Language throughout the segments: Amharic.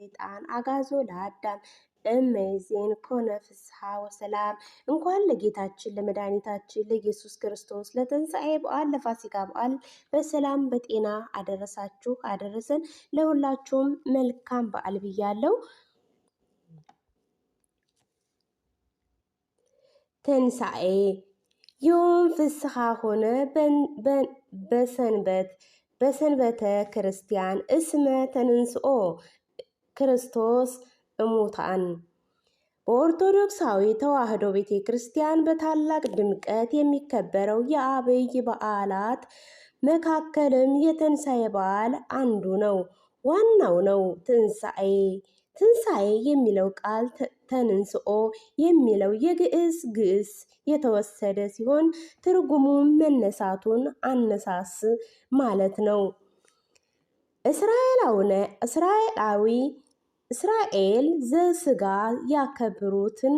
ሰይጣን አጋዞ ለአዳም እመዜን ኮነ ፍስሐ ወሰላም። እንኳን ለጌታችን ለመድኃኒታችን ለኢየሱስ ክርስቶስ ለትንሣኤ በዓል ለፋሲካ በዓል በሰላም በጤና አደረሳችሁ አደረሰን። ለሁላችሁም መልካም በዓል ብያለው። ትንሣኤ ይሁን ፍስሐ ሆነ በሰንበት በሰንበተ ክርስቲያን እስመ ተንንስኦ ክርስቶስ እሙታን በኦርቶዶክሳዊ ተዋሕዶ ቤተ ክርስቲያን በታላቅ ድምቀት የሚከበረው የአብይ በዓላት መካከልም የትንሣኤ በዓል አንዱ ነው። ዋናው ነው ትንሣኤ። ትንሣኤ የሚለው ቃል ተንንስኦ የሚለው የግዕዝ ግዕዝ የተወሰደ ሲሆን ትርጉሙም መነሳቱን አነሳስ ማለት ነው። እስራኤላዊ እስራኤል ዘስጋ ያከብሩትን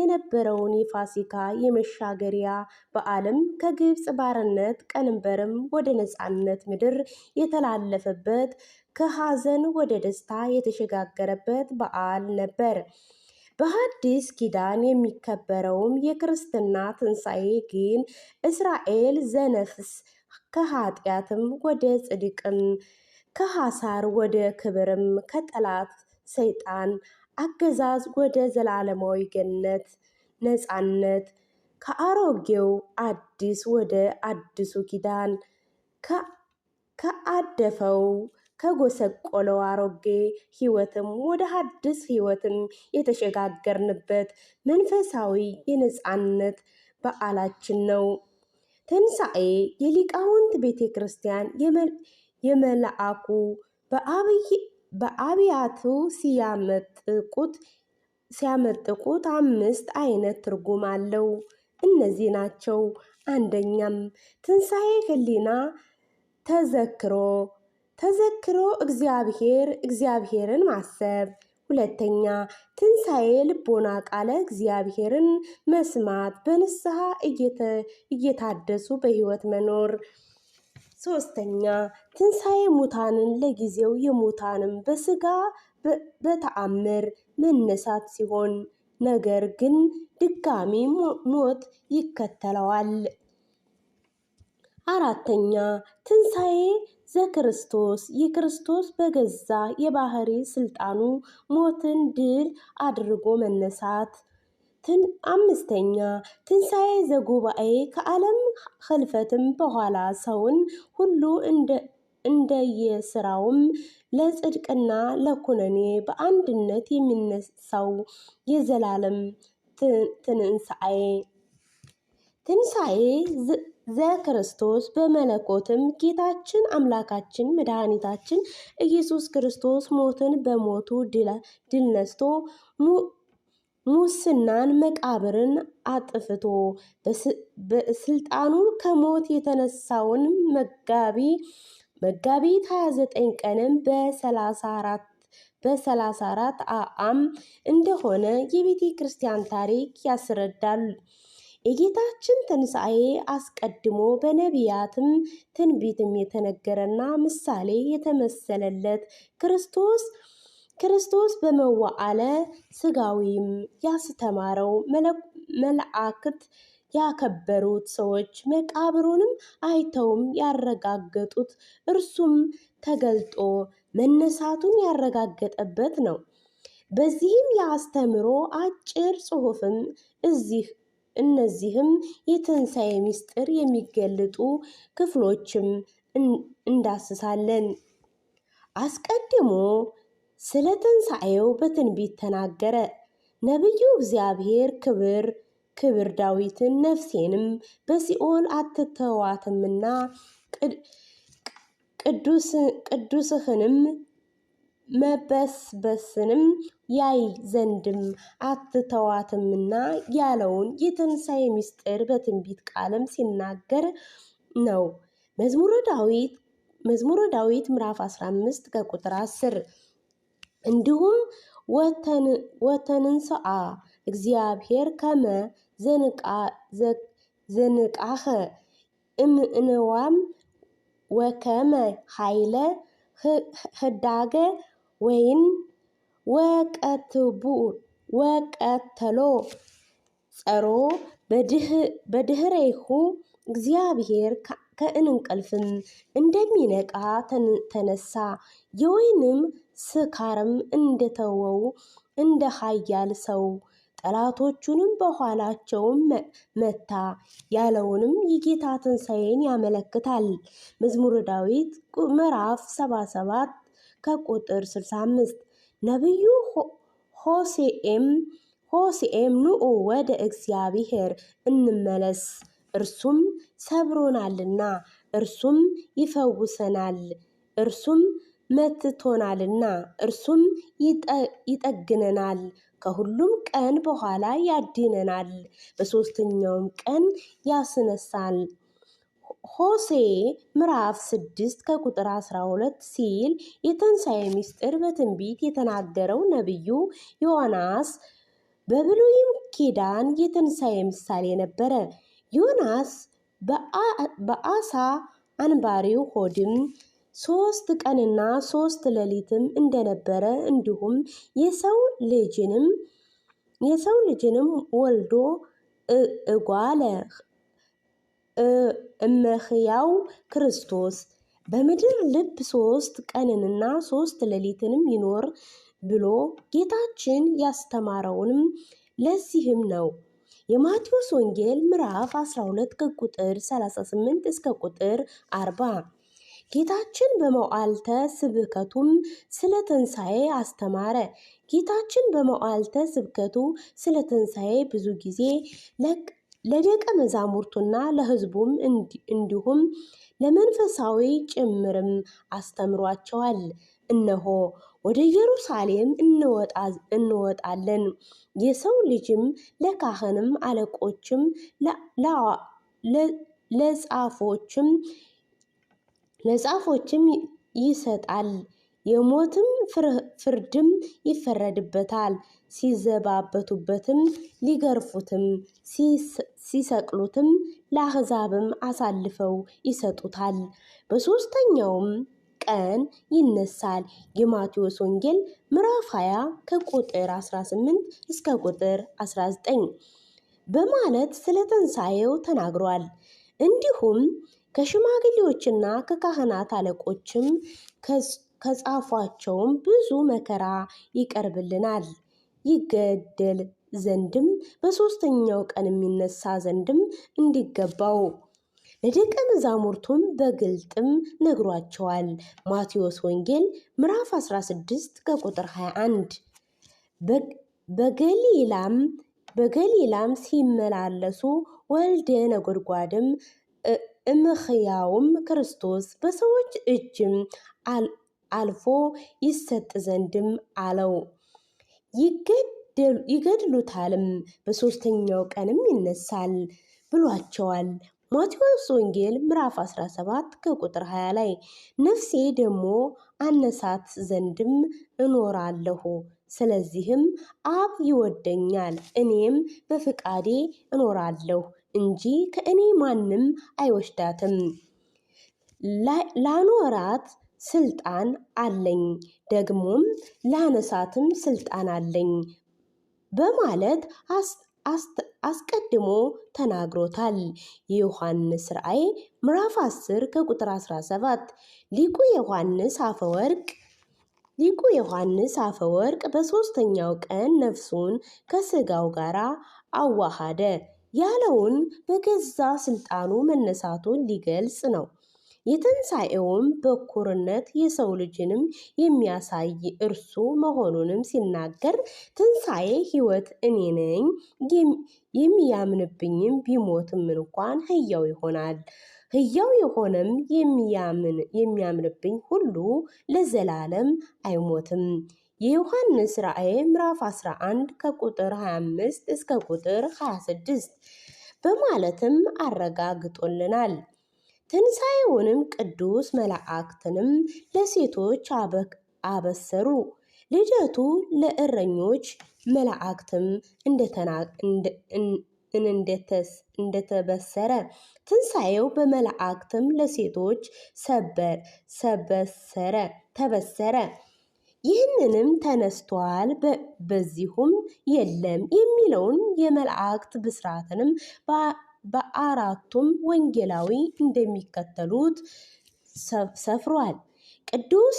የነበረውን የፋሲካ የመሻገሪያ በዓልም ከግብፅ ባርነት ቀንበርም ወደ ነፃነት ምድር የተላለፈበት ከሐዘን ወደ ደስታ የተሸጋገረበት በዓል ነበር። በሐዲስ ኪዳን የሚከበረውም የክርስትና ትንሣኤ ግን እስራኤል ዘነፍስ ከኃጢአትም ወደ ጽድቅም ከሐሳር ወደ ክብርም ከጠላት ሰይጣን አገዛዝ ወደ ዘላለማዊ ገነት ነፃነት ከአሮጌው አዲስ ወደ አዲሱ ኪዳን ከአደፈው ከጎሰቆለው አሮጌ ህይወትም ወደ አዲስ ህይወትም የተሸጋገርንበት መንፈሳዊ የነፃነት በዓላችን ነው። ትንሣኤ የሊቃውንት ቤተ ክርስቲያን የመልአኩ በአብይ በአብያቱ ሲያመጥቁት ሲያመጥቁት አምስት አይነት ትርጉም አለው። እነዚህ ናቸው። አንደኛም ትንሣኤ ህሊና ተዘክሮ ተዘክሮ እግዚአብሔር እግዚአብሔርን ማሰብ። ሁለተኛ ትንሣኤ ልቦና ቃለ እግዚአብሔርን መስማት፣ በንስሐ እየታደሱ በህይወት መኖር ሶስተኛ ትንሣኤ ሙታንን ለጊዜው የሙታንን በስጋ በተአምር መነሳት ሲሆን ነገር ግን ድጋሚ ሞት ይከተለዋል። አራተኛ ትንሣኤ ዘክርስቶስ የክርስቶስ በገዛ የባህሪ ስልጣኑ ሞትን ድል አድርጎ መነሳት አምስተኛ ትንሣኤ ዘጉባኤ ከዓለም ህልፈትም በኋላ ሰውን ሁሉ እንደየስራውም ለጽድቅና ለኩነኔ በአንድነት የሚነሳው የዘላለም ትንሣኤ ትንሣኤ ዘክርስቶስ በመለኮትም ጌታችን አምላካችን መድኃኒታችን ኢየሱስ ክርስቶስ ሞትን በሞቱ ድል ነስቶ ሙስናን መቃብርን አጥፍቶ በስልጣኑ ከሞት የተነሳውን መጋቢ መጋቢት 29 ቀንም በ34 በ34 አም እንደሆነ የቤተ ክርስቲያን ታሪክ ያስረዳል። የጌታችን ትንሣኤ አስቀድሞ በነቢያትም ትንቢትም የተነገረና ምሳሌ የተመሰለለት ክርስቶስ ክርስቶስ በመዋዕለ ስጋዊም ያስተማረው መላእክት ያከበሩት ሰዎች መቃብሩንም አይተውም ያረጋገጡት እርሱም ተገልጦ መነሳቱን ያረጋገጠበት ነው። በዚህም የአስተምሮ አጭር ጽሑፍም እዚህ እነዚህም የትንሣኤ ምስጢር የሚገልጡ ክፍሎችም እንዳስሳለን። አስቀድሞ ስለ ትንሣኤው በትንቢት ተናገረ። ነቢዩ እግዚአብሔር ክብር ክብር ዳዊትን ነፍሴንም በሲኦል አትተዋትምና ቅዱስህንም መበስበስንም ያይ ዘንድም አትተዋትምና ያለውን የትንሣኤ ምስጢር በትንቢት ቃልም ሲናገር ነው። መዝሙረ ዳዊት መዝሙረ ዳዊት ምዕራፍ 15 ከቁጥር 10 እንዲሁም ወተንስአ እግዚአብሔር ከመ ዘንቃኸ እምእንዋም ወከመ ኃይለ ህዳገ ወይን ወቀተሎ ጸሮ በድህሬሁ እግዚአብሔር ከእንቅልፍም እንደሚነቃ ተነሳ። የወይንም ስካርም እንደተወው እንደ ኃያል ሰው ጠላቶቹንም በኋላቸው መታ ያለውንም የጌታ ትንሣኤን ያመለክታል። መዝሙረ ዳዊት ምዕራፍ 77 ከቁጥር 65 ነቢዩ ሆሴኤም ሆሴኤም ንዑ ወደ እግዚአብሔር እንመለስ እርሱም ሰብሮናልና፣ እርሱም ይፈውሰናል፣ እርሱም መትቶናልና፣ እርሱም ይጠግነናል፣ ከሁሉም ቀን በኋላ ያድነናል፣ በሦስተኛውም ቀን ያስነሳል። ሆሴ ምዕራፍ ስድስት ከቁጥር 12 ሲል የትንሣኤ ምስጢር በትንቢት የተናገረው ነቢዩ ዮናስ በብሉይም ኪዳን የትንሣኤ ምሳሌ ነበረ። ዮናስ በአሳ አንባሪው ሆድም ሶስት ቀንና ሶስት ሌሊትም እንደነበረ እንዲሁም የሰው ልጅንም የሰው ልጅንም ወልዶ እጓለ እመሕያው ክርስቶስ በምድር ልብ ሶስት ቀንንና ሶስት ሌሊትንም ይኖር ብሎ ጌታችን ያስተማረውንም ለዚህም ነው። የማቴዎስ ወንጌል ምዕራፍ 12 ከቁጥር 38 እስከ ቁጥር 40። ጌታችን በመዋዕልተ ስብከቱም ስለ ትንሣኤ አስተማረ። ጌታችን በመዋዕልተ ስብከቱ ስለ ትንሣኤ ብዙ ጊዜ ለቅ ለደቀ መዛሙርቱና ለሕዝቡም እንዲሁም ለመንፈሳዊ ጭምርም አስተምሯቸዋል። እነሆ ወደ ኢየሩሳሌም እንወጣለን፣ የሰው ልጅም ለካህንም አለቆችም ለጻፎችም ለጻፎችም ይሰጣል፣ የሞትም ፍርድም ይፈረድበታል። ሲዘባበቱበትም ሊገርፉትም ሲሰቅሉትም ለአሕዛብም አሳልፈው ይሰጡታል። በሦስተኛውም ቀን ይነሳል። የማቴዎስ ወንጌል ምዕራፍ 20 ከቁጥር 18 እስከ ቁጥር 19 በማለት ስለ ትንሣኤው ተናግሯል። እንዲሁም ከሽማግሌዎችና ከካህናት አለቆችም ከጻፏቸውም ብዙ መከራ ይቀርብልናል። ይገደል ዘንድም በሦስተኛው ቀን የሚነሳ ዘንድም እንዲገባው ለደቀ መዛሙርቱም በግልጥም ነግሯቸዋል። ማቴዎስ ወንጌል ምዕራፍ 16 ከቁጥር 21 በገሊላም በገሊላም ሲመላለሱ ወልደ ነጎድጓድም እምኽያውም ክርስቶስ በሰዎች እጅም አልፎ ይሰጥ ዘንድም አለው። ይገድሉታልም፣ በሦስተኛው ቀንም ይነሳል ብሏቸዋል። ማቴዎስ ወንጌል ምዕራፍ 17 ከቁጥር 20 ላይ ነፍሴ ደግሞ አነሳት ዘንድም እኖራለሁ፣ ስለዚህም አብ ይወደኛል፣ እኔም በፍቃዴ እኖራለሁ እንጂ ከእኔ ማንም አይወስዳትም። ላኖራት ስልጣን አለኝ፣ ደግሞም ላነሳትም ስልጣን አለኝ በማለት አስቀድሞ ተናግሮታል። የዮሐንስ ራእይ ምዕራፍ 10 ከቁጥር 17 ሊቁ ዮሐንስ አፈወርቅ ሊቁ ዮሐንስ አፈወርቅ በሶስተኛው ቀን ነፍሱን ከስጋው ጋር አዋሃደ ያለውን በገዛ ስልጣኑ መነሳቱን ሊገልጽ ነው። የትንሣኤውም በኩርነት የሰው ልጅንም የሚያሳይ እርሱ መሆኑንም ሲናገር ትንሣኤ ሕይወት እኔ ነኝ፣ የሚያምንብኝም ቢሞትም እንኳን ሕያው ይሆናል። ሕያው የሆነም የሚያምንብኝ ሁሉ ለዘላለም አይሞትም። የዮሐንስ ራእይ ምዕራፍ 11 ከቁጥር 25 እስከ ቁጥር 26 በማለትም አረጋግጦልናል። ትንሣኤውንም ቅዱስ መላእክትንም ለሴቶች አበሰሩ። ልደቱ ለእረኞች መላእክትም እንደተበሰረ ትንሣኤው በመላእክትም ለሴቶች ሰበሰረ ተበሰረ። ይህንንም ተነስቷል፣ በዚሁም የለም የሚለውን የመላእክት ብስራትንም በአራቱም ወንጌላዊ እንደሚከተሉት ሰፍሯል። ቅዱስ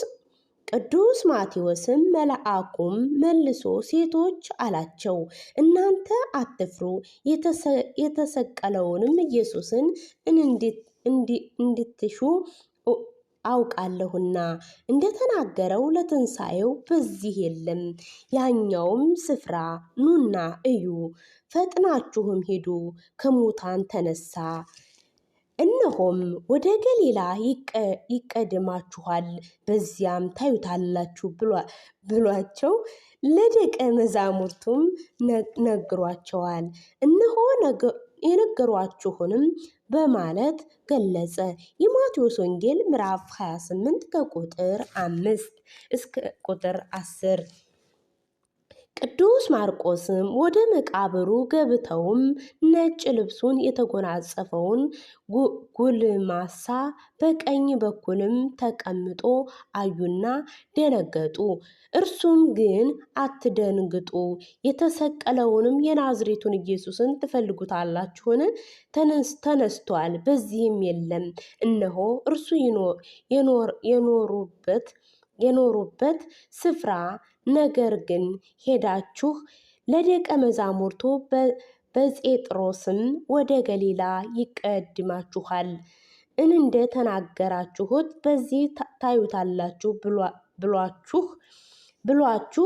ቅዱስ ማቴዎስም መልአኩም መልሶ ሴቶች አላቸው፣ እናንተ አትፍሩ፣ የተሰቀለውንም ኢየሱስን እንድትሹ አውቃለሁና እንደተናገረው ለትንሣኤው በዚህ የለም። ያኛውም ስፍራ ኑና እዩ፣ ፈጥናችሁም ሂዱ፣ ከሙታን ተነሳ እነሆም ወደ ገሊላ ይቀድማችኋል፣ በዚያም ታዩታላችሁ ብሏቸው ለደቀ መዛሙርቱም ነግሯቸዋል። እነሆ የነገሯችሁንም በማለት ገለጸ። የማቴዎስ ወንጌል ምዕራፍ 28 ከቁጥር 5 እስከ ቁጥር 10 ቅዱስ ማርቆስም ወደ መቃብሩ ገብተውም ነጭ ልብሱን የተጎናጸፈውን ጉልማሳ በቀኝ በኩልም ተቀምጦ አዩና ደነገጡ። እርሱም ግን አትደንግጡ፣ የተሰቀለውንም የናዝሬቱን ኢየሱስን ትፈልጉታላችሁን? ተነስቷል፣ በዚህም የለም። እነሆ እርሱ የኖሩበት የኖሩበት ስፍራ ነገር ግን ሄዳችሁ ለደቀ መዛሙርቱ በጴጥሮስም ወደ ገሊላ ይቀድማችኋል እንደ ተናገራችሁት በዚህ ታዩታላችሁ ብሏችሁ ብሏችሁ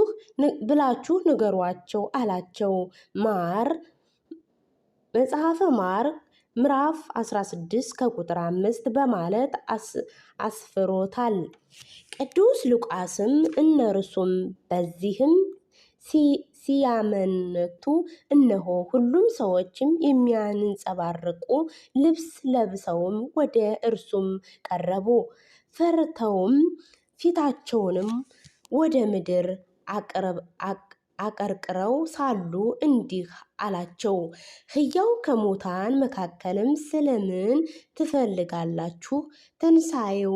ብላችሁ ንገሯቸው አላቸው። ማር መጽሐፈ ማር ምዕራፍ 16 ከቁጥር 5 በማለት አስፍሮታል። ቅዱስ ሉቃስም እነርሱም በዚህም ሲያመነቱ እነሆ ሁሉም ሰዎችም የሚያንጸባርቁ ልብስ ለብሰውም ወደ እርሱም ቀረቡ። ፈርተውም ፊታቸውንም ወደ ምድር አቀርቅረው ሳሉ እንዲህ አላቸው፣ ሕያው ከሙታን መካከልም ስለምን ትፈልጋላችሁ? ትንሣኤው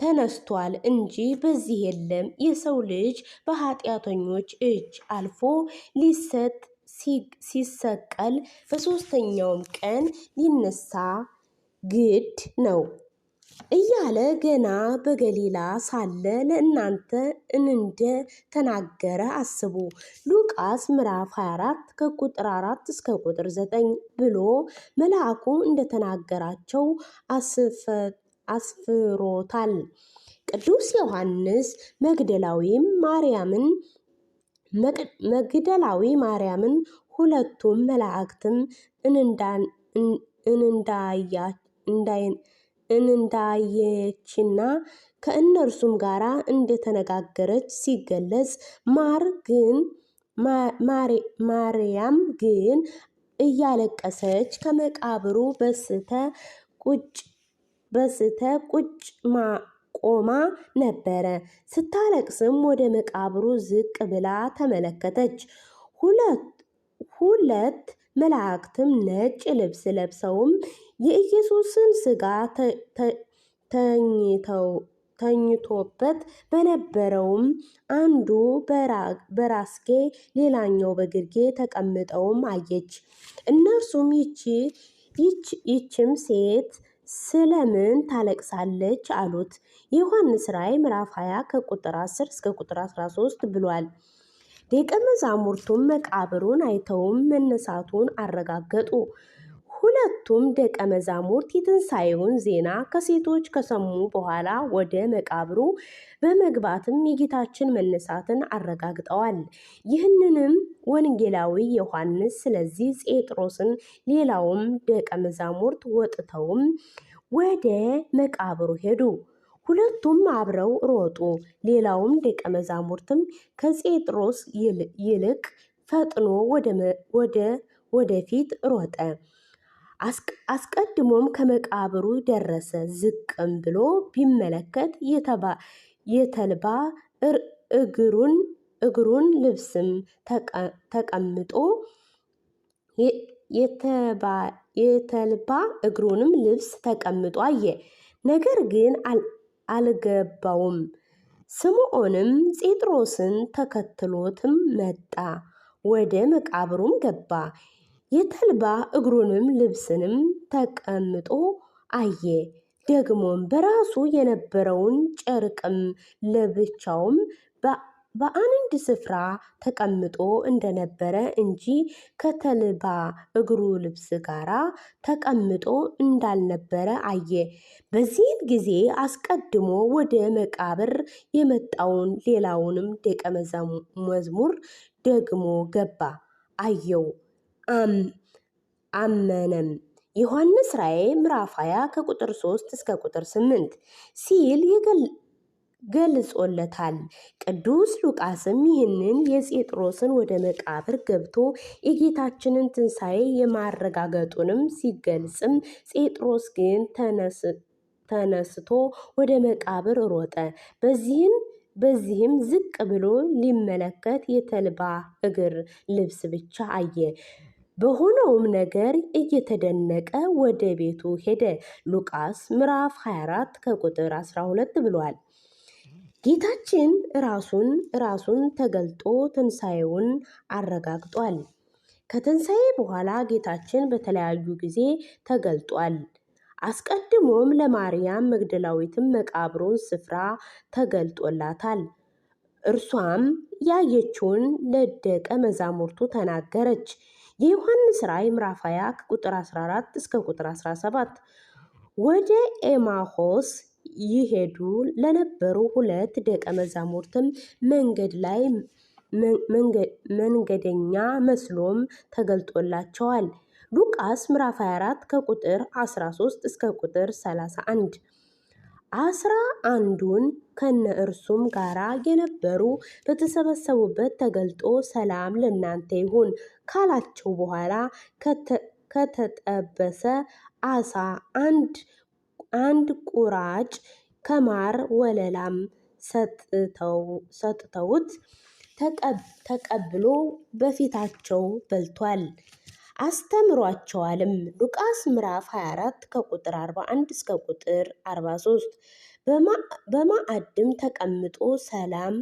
ተነስቷል እንጂ በዚህ የለም። የሰው ልጅ በኃጢአተኞች እጅ አልፎ ሊሰጥ ሲሰቀል በሶስተኛውም ቀን ሊነሳ ግድ ነው። እያለ ገና በገሊላ ሳለ ለእናንተ እንደ ተናገረ አስቡ። ሉቃስ ምዕራፍ 24 ከቁጥር 4 እስከ ቁጥር 9 ብሎ መልአኩ እንደተናገራቸው አስፍሮታል። ቅዱስ ዮሐንስ መግደላዊም ማርያምን መግደላዊ ማርያምን ሁለቱም መላእክትም እንዳይ እንዳየችና ከእነርሱም ጋር እንደተነጋገረች ሲገለጽ፣ ማርያም ግን እያለቀሰች ከመቃብሩ በስተ ቁጭ ቆማ ነበረ። ስታለቅስም ወደ መቃብሩ ዝቅ ብላ ተመለከተች። ሁለት መላእክትም ነጭ ልብስ ለብሰውም የኢየሱስን ስጋ ተኝቶበት በነበረውም አንዱ በራስጌ ሌላኛው በግርጌ ተቀምጠውም አየች። እነርሱም ይችም ሴት ስለምን ታለቅሳለች አሉት። ዮሐንስ ራእይ ምዕራፍ 20 ከቁጥር 10 እስከ ቁጥር 13 ብሏል። ደቀ መዛሙርቱም መቃብሩን አይተውም መነሳቱን አረጋገጡ። ሁለቱም ደቀ መዛሙርት የትንሣኤውን ዜና ከሴቶች ከሰሙ በኋላ ወደ መቃብሩ በመግባትም የጌታችን መነሳትን አረጋግጠዋል። ይህንንም ወንጌላዊ ዮሐንስ ስለዚህ ጴጥሮስን ሌላውም ደቀ መዛሙርት ወጥተውም ወደ መቃብሩ ሄዱ። ሁለቱም አብረው ሮጡ። ሌላውም ደቀ መዛሙርትም ከጴጥሮስ ይልቅ ፈጥኖ ወደ ወደፊት ሮጠ። አስቀድሞም ከመቃብሩ ደረሰ። ዝቅም ብሎ ቢመለከት የተልባ እግሩን እግሩን ልብስም ተቀምጦ የተልባ እግሩንም ልብስ ተቀምጦ አየ። ነገር ግን አልገባውም። ስምዖንም ጴጥሮስን ተከትሎትም መጣ። ወደ መቃብሩም ገባ። የተልባ እግሩንም ልብስንም ተቀምጦ አየ። ደግሞም በራሱ የነበረውን ጨርቅም ለብቻውም በአንድ ስፍራ ተቀምጦ እንደነበረ እንጂ ከተልባ እግሩ ልብስ ጋር ተቀምጦ እንዳልነበረ አየ። በዚህም ጊዜ አስቀድሞ ወደ መቃብር የመጣውን ሌላውንም ደቀ መዝሙር ደግሞ ገባ፣ አየው። አመነም ዮሐንስ ራእይ ምዕራፍ 20 ከቁጥር 3 እስከ ቁጥር 8 ሲል ገልጾለታል። ቅዱስ ሉቃስም ይህንን የጴጥሮስን ወደ መቃብር ገብቶ የጌታችንን ትንሣኤ የማረጋገጡንም ሲገልጽም ጴጥሮስ ግን ተነስቶ ወደ መቃብር ሮጠ። በዚህም በዚህም ዝቅ ብሎ ሊመለከት የተልባ እግር ልብስ ብቻ አየ። በሆነውም ነገር እየተደነቀ ወደ ቤቱ ሄደ። ሉቃስ ምዕራፍ 24 ከቁጥር 12 ብሏል። ጌታችን ራሱን ራሱን ተገልጦ ትንሣኤውን አረጋግጧል። ከትንሣኤ በኋላ ጌታችን በተለያዩ ጊዜ ተገልጧል። አስቀድሞም ለማርያም መግደላዊትም መቃብሩን ስፍራ ተገልጦላታል። እርሷም ያየችውን ለደቀ መዛሙርቱ ተናገረች። የዮሐንስ ራእይ ምዕራፍ 20 ከቁጥር 14 እስከ ቁጥር 17 ወደ ኤማሆስ ይሄዱ ለነበሩ ሁለት ደቀ መዛሙርትም መንገድ ላይ መንገደኛ መስሎም ተገልጦላቸዋል። ሉቃስ ምዕራፍ 24 ከቁጥር 13 እስከ ቁጥር 31 አስራ አንዱን ከነ እርሱም ጋራ የነበሩ በተሰበሰቡበት ተገልጦ ሰላም ለእናንተ ይሁን ካላቸው በኋላ ከተጠበሰ አሳ አንድ አንድ ቁራጭ ከማር ወለላም ሰጥተውት ተቀብሎ በፊታቸው በልቷል። አስተምሯቸዋልም። ሉቃስ ምዕራፍ 24 ከቁጥር 41 እስከ ቁጥር 43። በማዕድም ተቀምጦ ሰላም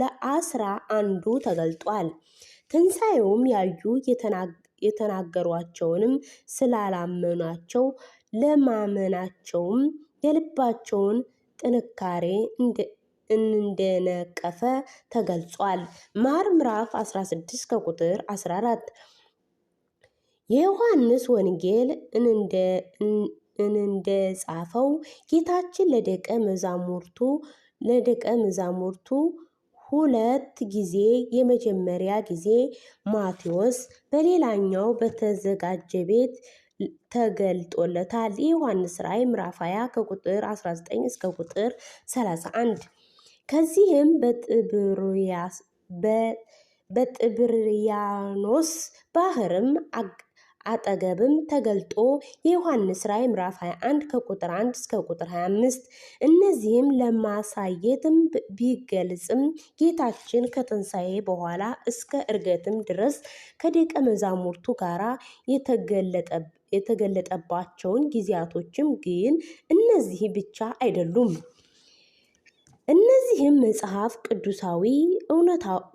ለአስራ አንዱ ተገልጧል። ትንሣኤውም ያዩ የተናገሯቸውንም ስላላመኗቸው ለማመናቸውም የልባቸውን ጥንካሬ እንደነቀፈ ተገልጿል። ማር ምዕራፍ 16 ከቁጥር 14 የዮሐንስ ወንጌል እንደጻፈው ጌታችን ለደቀ መዛሙርቱ ለደቀ መዛሙርቱ ሁለት ጊዜ የመጀመሪያ ጊዜ ማቴዎስ በሌላኛው በተዘጋጀ ቤት ተገልጦለታል። የዮሐንስ ራእይ ምዕራፍ 20 ከቁጥር 19 እስከ ቁጥር 31። ከዚህም በጥብርያኖስ ባህርም አጠገብም ተገልጦ የዮሐንስ ራእይ ምዕራፍ 21 ከቁጥር 1 እስከ ቁጥር 25 እነዚህም ለማሳየትም ቢገልጽም ጌታችን ከትንሣኤ በኋላ እስከ እርገትም ድረስ ከደቀ መዛሙርቱ ጋራ የተገለጠ የተገለጠባቸውን ጊዜያቶችም ግን እነዚህ ብቻ አይደሉም። እነዚህም መጽሐፍ ቅዱሳዊ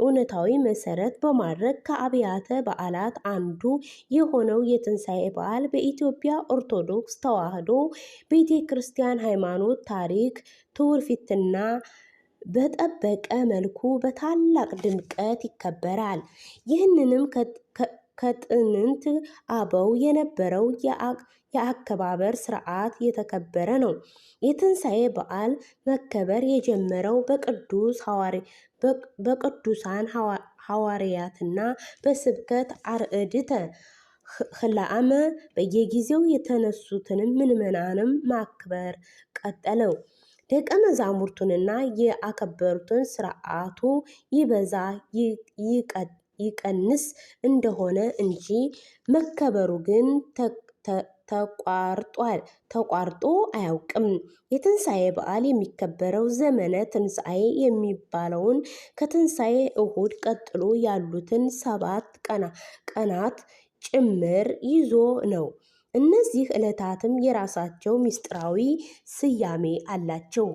እውነታዊ መሰረት በማድረግ ከአብያተ በዓላት አንዱ የሆነው የትንሣኤ በዓል በኢትዮጵያ ኦርቶዶክስ ተዋሕዶ ቤተ ክርስቲያን ሃይማኖት ታሪክ ትውፊትና በጠበቀ መልኩ በታላቅ ድምቀት ይከበራል። ይህንንም ከጥንት አበው የነበረው የአከባበር ስርዓት የተከበረ ነው። የትንሣኤ በዓል መከበር የጀመረው በቅዱስ በቅዱሳን ሐዋርያትና በስብከት አርዕድተ ህላአመ በየጊዜው የተነሱትንም ምዕመናንም ማክበር ቀጠለው። ደቀ መዛሙርቱንና የአከበሩትን ስርዓቱ ይበዛ ይቀንስ እንደሆነ እንጂ መከበሩ ግን ተቋርጧል ተቋርጦ አያውቅም። የትንሣኤ በዓል የሚከበረው ዘመነ ትንሣኤ የሚባለውን ከትንሣኤ እሁድ ቀጥሎ ያሉትን ሰባት ቀናት ጭምር ይዞ ነው። እነዚህ ዕለታትም የራሳቸው ምስጢራዊ ስያሜ አላቸው።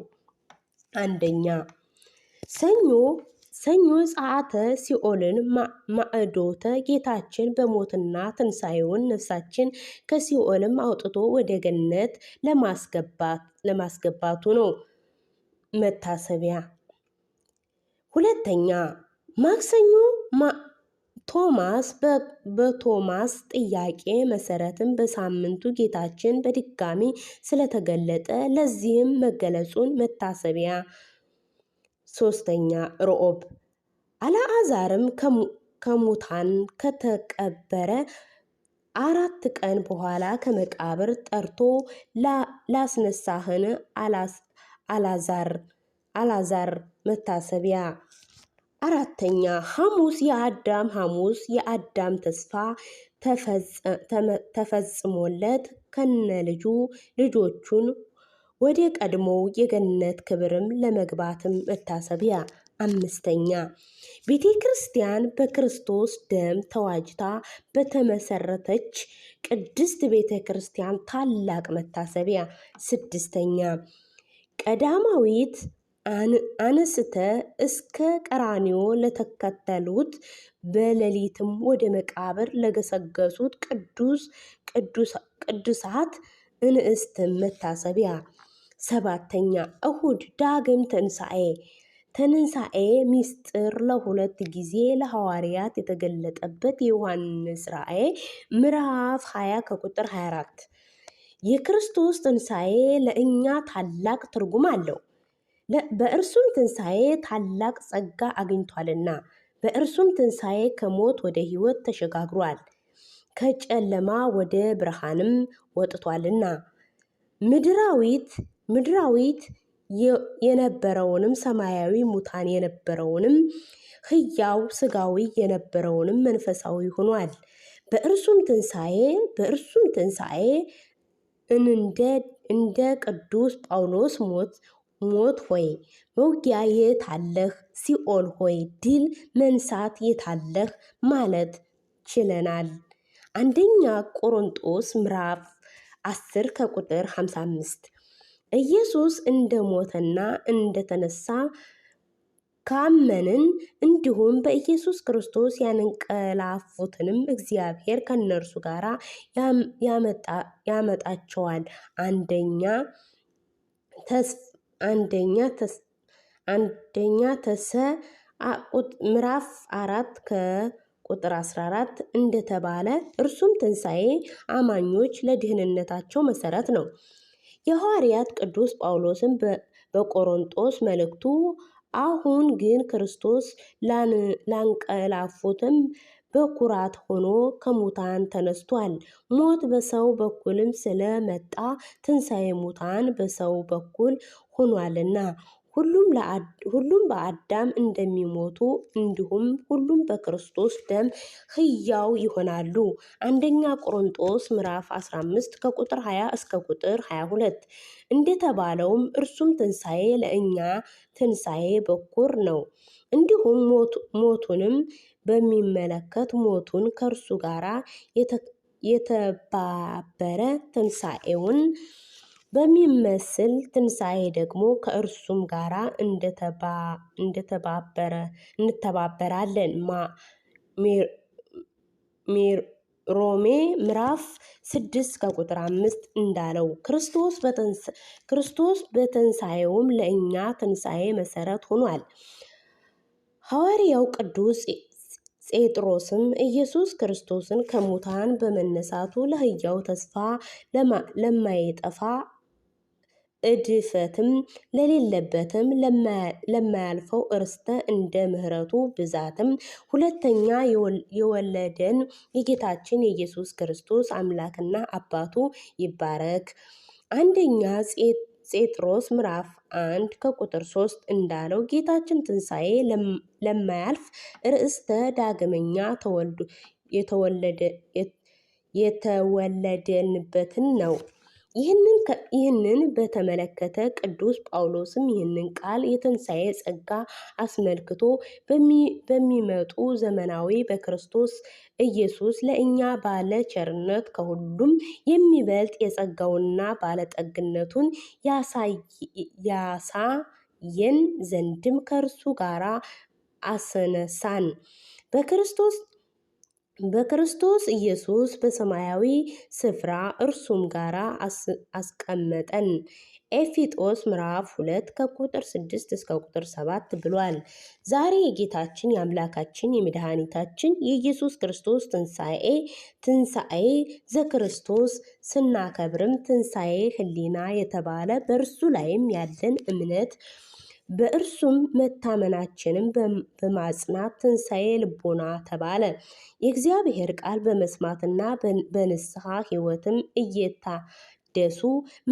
አንደኛ ሰኞ ሰኞ ጸአተ ሲኦልን ማዕዶተ ጌታችን በሞትና ትንሣኤውን ነፍሳችን ከሲኦልም አውጥቶ ወደ ገነት ለማስገባቱ ነው መታሰቢያ። ሁለተኛ ማክሰኞ ቶማስ በቶማስ ጥያቄ መሰረትም በሳምንቱ ጌታችን በድጋሚ ስለተገለጠ ለዚህም መገለጹን መታሰቢያ ሶስተኛ ሮኦብ አልዓዛርም ከሙታን ከተቀበረ አራት ቀን በኋላ ከመቃብር ጠርቶ ላስነሳህን አላዛር መታሰቢያ። አራተኛ ሐሙስ የአዳም ሐሙስ የአዳም ተስፋ ተፈጽሞለት ከነ ልጁ ልጆቹን ወደ ቀድሞው የገነት ክብርም ለመግባትም መታሰቢያ። አምስተኛ ቤተ ክርስቲያን በክርስቶስ ደም ተዋጅታ በተመሰረተች ቅድስት ቤተ ክርስቲያን ታላቅ መታሰቢያ። ስድስተኛ ቀዳማዊት አነስተ እስከ ቀራኒዮ ለተከተሉት በሌሊትም ወደ መቃብር ለገሰገሱት ቅዱስ ቅዱሳት እንእስትም መታሰቢያ ሰባተኛ እሁድ ዳግም ትንሣኤ ትንሣኤ ሚስጥር ለሁለት ጊዜ ለሐዋርያት የተገለጠበት የዮሐንስ ራእይ ምዕራፍ 20 ከቁጥር 24። የክርስቶስ ትንሣኤ ለእኛ ታላቅ ትርጉም አለው። በእርሱም ትንሣኤ ታላቅ ጸጋ አግኝቷልና፣ በእርሱም ትንሣኤ ከሞት ወደ ሕይወት ተሸጋግሯል፣ ከጨለማ ወደ ብርሃንም ወጥቷልና ምድራዊት ምድራዊት የነበረውንም ሰማያዊ ሙታን የነበረውንም ህያው ስጋዊ የነበረውንም መንፈሳዊ ሆኗል። በእርሱም ትንሣኤ በእርሱም ትንሣኤ እንደ እንደ ቅዱስ ጳውሎስ ሞት ሞት ሆይ መውጊያ የታለህ፣ ሲኦል ሆይ ድል መንሳት የታለህ ማለት ችለናል። አንደኛ ቆሮንጦስ ምዕራፍ 10 ከቁጥር 55 ኢየሱስ እንደ እንደ እንደተነሳ ካመንን እንዲሁም በኢየሱስ ክርስቶስ ያንቀላፉትንም እግዚአብሔር ከነርሱ ጋር ያመጣቸዋል። አንደኛ አንደኛ ተሰ ምዕራፍ አራት ከቁጥር 14 እንደተባለ እርሱም ትንሣኤ አማኞች ለድህንነታቸው መሰረት ነው። የሐዋርያት ቅዱስ ጳውሎስን በቆሮንጦስ መልእክቱ አሁን ግን ክርስቶስ ላንቀላፉትም በኩራት ሆኖ ከሙታን ተነስቷል። ሞት በሰው በኩልም ስለመጣ ትንሣኤ ሙታን በሰው በኩል ሆኗልና ሁሉም በአዳም እንደሚሞቱ እንዲሁም ሁሉም በክርስቶስ ደም ህያው ይሆናሉ። አንደኛ ቆሮንጦስ ምዕራፍ 15 ከቁጥር 20 እስከ ቁጥር 22 እንደተባለውም እርሱም ትንሣኤ ለእኛ ትንሣኤ በኩር ነው። እንዲሁም ሞቱንም በሚመለከት ሞቱን ከእርሱ ጋር የተባበረ ትንሣኤውን በሚመስል ትንሣኤ ደግሞ ከእርሱም ጋር እንደተባበረ እንተባበራለን። ሮሜ ምዕራፍ ስድስት ከቁጥር አምስት እንዳለው ክርስቶስ በትንሣኤውም ለእኛ ትንሣኤ መሠረት ሆኗል። ሐዋርያው ቅዱስ ጴጥሮስም ኢየሱስ ክርስቶስን ከሙታን በመነሳቱ ለሕያው ተስፋ ለማይጠፋ እድፈትም ለሌለበትም ለማያልፈው እርስተ እንደ ምሕረቱ ብዛትም ሁለተኛ የወለደን የጌታችን የኢየሱስ ክርስቶስ አምላክና አባቱ ይባረክ። አንደኛ ጴጥሮስ ምዕራፍ አንድ ከቁጥር ሶስት እንዳለው ጌታችን ትንሣኤ ለማያልፍ ርእስተ ዳግመኛ የተወለደንበትን ነው። ይህንን በተመለከተ ቅዱስ ጳውሎስም ይህንን ቃል የትንሣኤ ጸጋ አስመልክቶ በሚመጡ ዘመናዊ በክርስቶስ ኢየሱስ ለእኛ ባለ ቸርነት ከሁሉም የሚበልጥ የጸጋውና ባለጠግነቱን ያሳየን ዘንድም ከእርሱ ጋር አስነሳን በክርስቶስ በክርስቶስ ኢየሱስ በሰማያዊ ስፍራ እርሱም ጋር አስቀመጠን። ኤፊጦስ ምዕራፍ ሁለት ከቁጥር ስድስት እስከ ቁጥር ሰባት ብሏል። ዛሬ የጌታችን የአምላካችን የመድኃኒታችን የኢየሱስ ክርስቶስ ትንሣኤ ትንሣኤ ዘክርስቶስ ስናከብርም ትንሣኤ ሕሊና የተባለ በእርሱ ላይም ያለን እምነት በእርሱም መታመናችንን በማጽናት ትንሣኤ ልቦና ተባለ። የእግዚአብሔር ቃል በመስማትና በንስሐ ሕይወትም እየታደሱ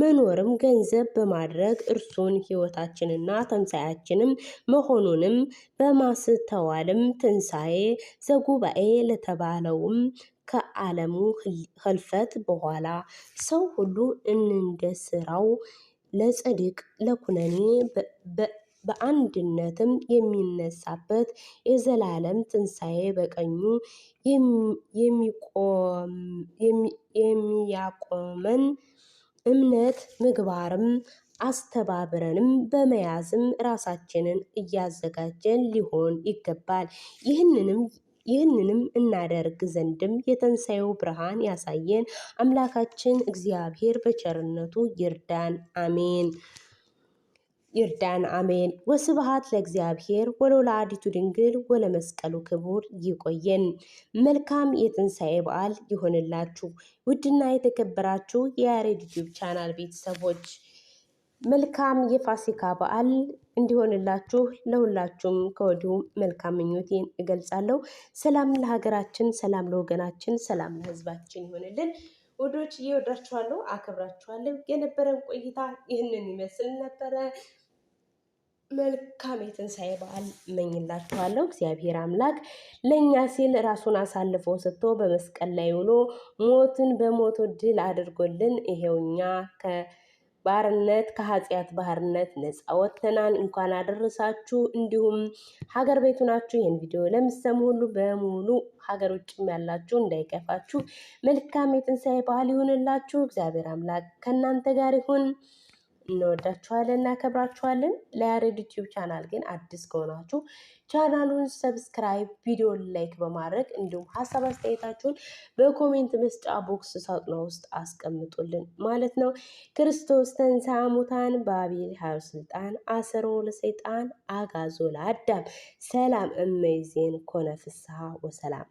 መኖርም ገንዘብ በማድረግ እርሱን ሕይወታችንና ትንሣኤያችንም መሆኑንም በማስተዋልም ትንሣኤ ዘጉባኤ ለተባለውም ከዓለሙ ኅልፈት በኋላ ሰው ሁሉ እንደ ስራው ለጸድቅ ለኩነኔ በአንድነትም የሚነሳበት የዘላለም ትንሣኤ በቀኙ የሚያቆመን እምነት ምግባርም አስተባብረንም በመያዝም ራሳችንን እያዘጋጀን ሊሆን ይገባል። ይህንንም ይህንንም እናደርግ ዘንድም የትንሣኤው ብርሃን ያሳየን አምላካችን እግዚአብሔር በቸርነቱ ይርዳን። አሜን ይርዳን፣ አሜን። ወስብሃት ለእግዚአብሔር ወለወላዲቱ ድንግል ወለመስቀሉ ክቡር። ይቆየን። መልካም የትንሣኤ በዓል ይሆንላችሁ። ውድና የተከበራችሁ የያሬድ ዩቲዩብ ቻናል ቤተሰቦች መልካም የፋሲካ በዓል እንዲሆንላችሁ ለሁላችሁም ከወዲሁ መልካም ምኞቴን እገልጻለሁ። ሰላም ለሀገራችን፣ ሰላም ለወገናችን፣ ሰላም ለሕዝባችን ይሆንልን። ወዶች እየወዳችኋለሁ፣ አከብራችኋለሁ። የነበረን ቆይታ ይህንን ይመስል ነበረ። መልካም የትንሣኤ በዓል እመኝላችኋለሁ። እግዚአብሔር አምላክ ለእኛ ሲል ራሱን አሳልፎ ሰጥቶ በመስቀል ላይ ውሎ ሞትን በሞቱ ድል አድርጎልን ይሄውኛ እኛ ከባርነት ከኃጢአት ባህርነት ነፃ ወጥተናል። እንኳን አደረሳችሁ። እንዲሁም ሀገር ቤቱ ናችሁ ይህን ቪዲዮ ለምሰሙ ሁሉ በሙሉ ሀገር ውጭም ያላችሁ እንዳይከፋችሁ መልካም የትንሣኤ በዓል ይሁንላችሁ። እግዚአብሔር አምላክ ከእናንተ ጋር ይሁን። እንወዳችኋለን፣ እናከብራችኋለን። ለያሬድ ዩቲዩብ ቻናል ግን አዲስ ከሆናችሁ ቻናሉን ሰብስክራይብ፣ ቪዲዮ ላይክ በማድረግ እንዲሁም ሀሳብ አስተያየታችሁን በኮሜንት መስጫ ቦክስ ሳጥና ውስጥ አስቀምጡልን ማለት ነው። ክርስቶስ ተንሥአ እሙታን በአቢይ ኃይል ስልጣን አሰሮ ለሰይጣን አጋዞ ለአዳም ሰላም እመይዜን ኮነ ፍስሐ ወሰላም